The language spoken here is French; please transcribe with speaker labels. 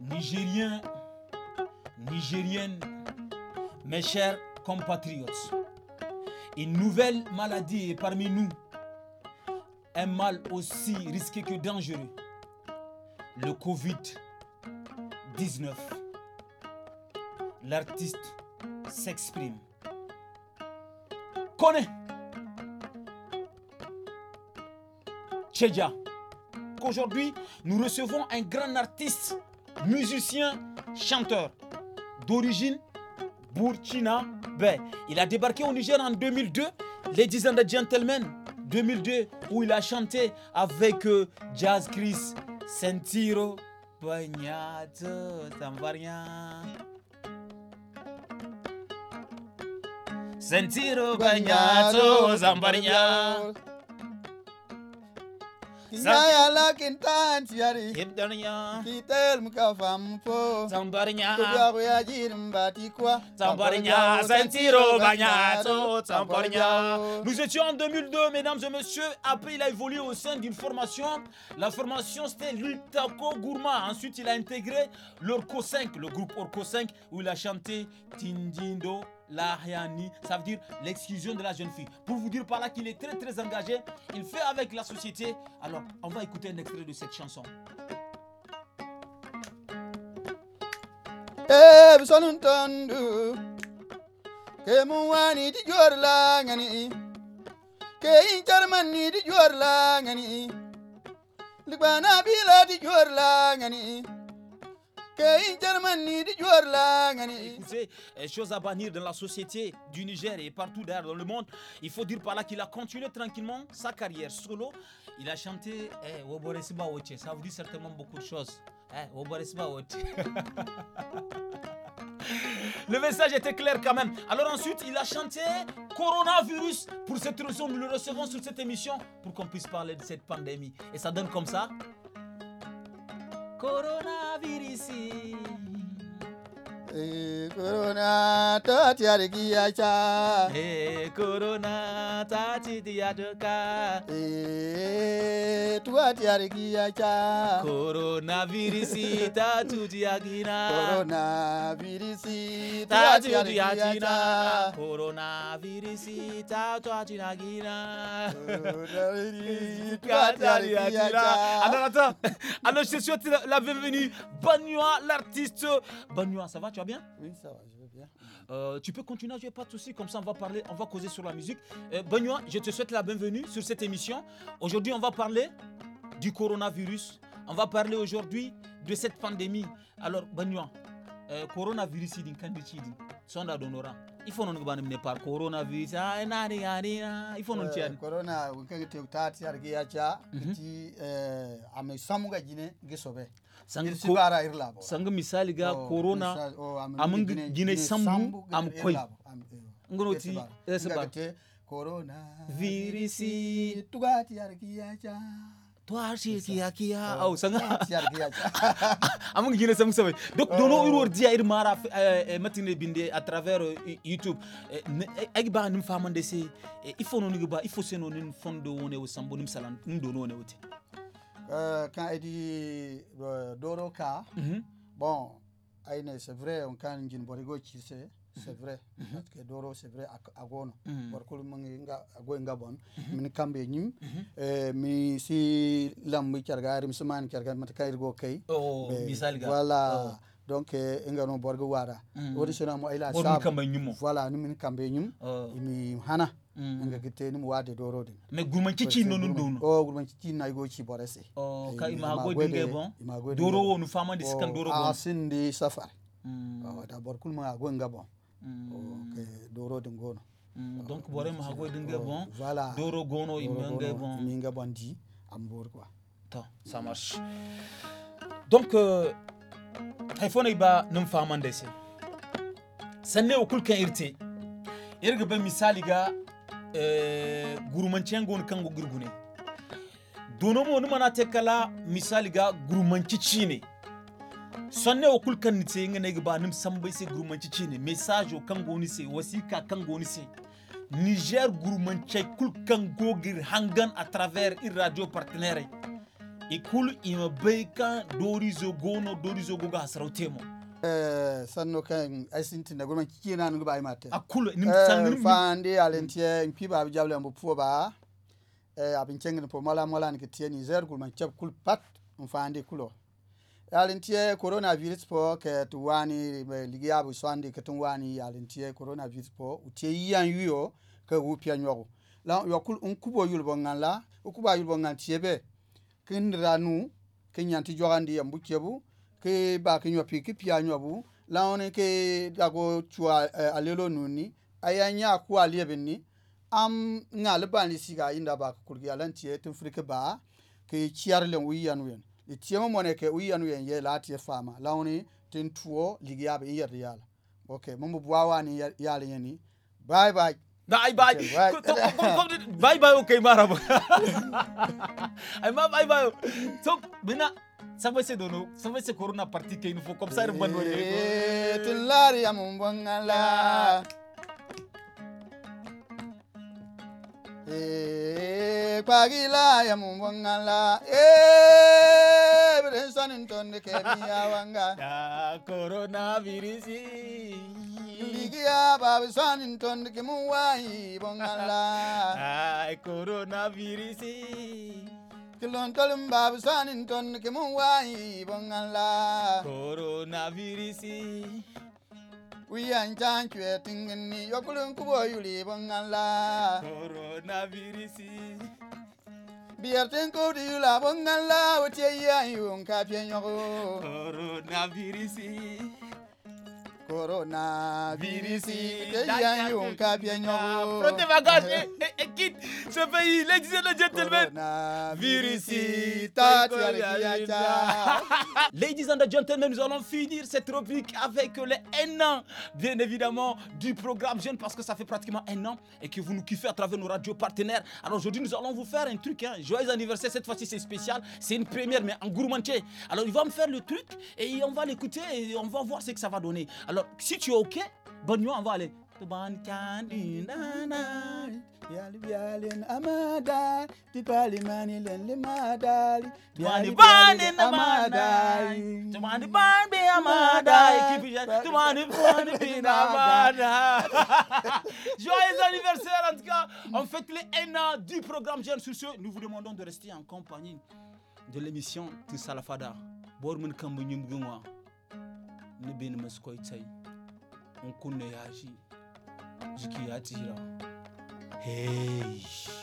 Speaker 1: Nigériens, Nigériennes, mes chers compatriotes, une nouvelle maladie est parmi nous, un mal aussi risqué que dangereux, le Covid-19. L'artiste s'exprime. Kone Cheja, Aujourd'hui, nous recevons un grand artiste musicien, chanteur d'origine Bé. Il a débarqué au Niger en 2002, les 10 ans de Gentleman 2002, où il a chanté avec euh, Jazz Chris, Sentiro, Bagnato, Zambaria. Sentiro, Bagnato, Zambaria. Nous étions
Speaker 2: en 2002 mesdames et messieurs Après il a
Speaker 1: évolué au sein d'une formation La formation c'était l'Ultaco Gourma Ensuite il a intégré l'Orco 5 Le groupe Orco 5 où il a chanté Tindindo l'ariani, ça veut dire l'exclusion de la jeune fille. Pour vous dire par là qu'il est très très engagé, il fait avec la société. Alors, on va écouter un extrait de cette chanson. Eh, chose à bannir dans la société du Niger et partout d'ailleurs dans le monde. Il faut dire par là qu'il a continué tranquillement sa carrière solo. Il a chanté eh, ça vous dit certainement beaucoup de choses. Eh, le message était clair quand même. Alors ensuite, il a chanté Coronavirus. Pour cette raison, nous le recevons sur cette émission pour qu'on puisse parler de cette pandémie. Et ça donne comme ça.
Speaker 2: coronavírus Eh, corona corona ti ari ki ya cha e corona ta di tu tu tu tu
Speaker 1: tu je suis la bienvenue l'artiste ça va bien Oui, ça va, je vais bien. Euh, tu peux continuer je n'ai pas de soucis. Comme ça, on va parler, on va causer sur la musique. Euh, Benoît, je te souhaite la bienvenue sur cette émission. Aujourd'hui, on va parler du coronavirus. On va parler aujourd'hui de cette pandémie. Alors, Benoît, euh, coronavirus, il ifononu kubani mine par corona virus ay nari yari ifononu chani
Speaker 3: corona wikenge te utati argi yacha ti eh ame samuga jine gisobe sang ko bara irla misali ga corona amung jine sambu am koy ngono ti esba corona virisi tugati argi
Speaker 2: yacha
Speaker 1: twashikiakia oh. ausanga amo ngine samu sabe donc oh. dono uror dia ir mara eh, eh, matine binde à travers eh, youtube ag ba nim famande se il faut non ba il faut se non fondo woni sambo nim salan
Speaker 3: nim dono woni wote quand edi doro ka mhm. bon aine c'est c'est vrai mm-hmm. parce que doro c'est vrai agono warkol mm-hmm. mangi nga ago nga bon mm-hmm. min kambe nyim eh, mi si lambi chargari mi suman chargari mat kayir go kay oh misal ga voilà oh. donc eh, nga no borgo wara wodi sona mo ila sa voilà ni min kambe nyim oh. mi hana nga gite ni wade doro din me gurman cici no nun dono oh gurman cici na go ci borese oh eh, ka ima go dinge bon doro wonu fama de sikan doro bon oh, asindi safar mm. d'abord kulma ago nga bon Mm. doro din gono mm, oh, donc bore ma hago dingue oh, bon voilà doro gono imangue bon minga bandi ambor quoi to ça marche donc hay
Speaker 1: euh, ba num famande se sanne o kulkan irte irga ba misali ga euh, gurumancen gonu kango gurgune dono mo numa na tekala misali ga ne sonne o kul kan nitse ngene ga ba nim sambai se gurmanci ci ne message o kan goni se wasika kan goni se Niger gurmanci kul kan gogir hangan à travers ir radio partenaire e kul ima bai kan dorizo gono dorizo goga
Speaker 3: hasarautemo eh, sanno kan ay sintinda gurman kikena nugo bai imate akul nim eh, sangir fandi alentie piba bi jable ambo puo ba abin eh, cengin po mala mala ni ke tieni zer gurman kul pat mfandi kulo yalintie coronavirus po ke tu wani eh, swandi ke tu wani coronavirus po utie yan yuyo ke wu nyogo la yokul un yulbo ngala ukuba yulbo ngan tiebe kindra nu jogandi yambu ke ba ke nyopi pia nyobu la on ke dago chua uh, alelo nuni aya ku aliebe am ngal siga inda ba kurgi alantie tun ba ke chiarle wi yan itiyemo mone ke uyiyan wiyen ye latiye fama lawni tin tuwo ligiyaɓe in yerdi yaala ok mambo wawani yaala yani bye bye Bye bye. Bye bye okay marabu.
Speaker 1: Ay ma bye bye. So bina sama se dono sama se corona parti ke info
Speaker 2: comme ça ban wone. Tulari amon bangala. Eh pagila amon bangala. Eh sanin ton ke miya wanga da coronavirus ligiya babu sanin ton ke mu wahi bon Allah
Speaker 1: ai kilon
Speaker 2: tolum babu sanin ton ke mu wahi bon Allah coronavirus wiyan can cue tingin ni yokulun kubo yuli bon Allah
Speaker 1: coronavirus
Speaker 2: biyarten kowdi labon ngal lawo teyiyan yon kapiyen yogo coronavirisi Corona ah, pays. Les
Speaker 1: gentlemen. Ladies and gentlemen, nous allons finir cette rubrique avec les 1 bien évidemment, du programme Jeune parce que ça fait pratiquement un an et que vous nous kiffez à travers nos radios partenaires. Alors aujourd'hui, nous allons vous faire un truc. Hein. Joyeux anniversaire, cette fois-ci c'est spécial. C'est une première, mais en gourmandier. Alors il va me faire le truc et on va l'écouter et on va voir ce que ça va donner. Alors si tu es OK, bonne on va aller. Joyeux
Speaker 2: anniversaire
Speaker 1: en tout cas. On fête les 1 an du programme Jeune sur ce. Nous vous demandons de rester en compagnie de l'émission Tous à ni bin maskoi tai in kunna shi jiki ya tsira hey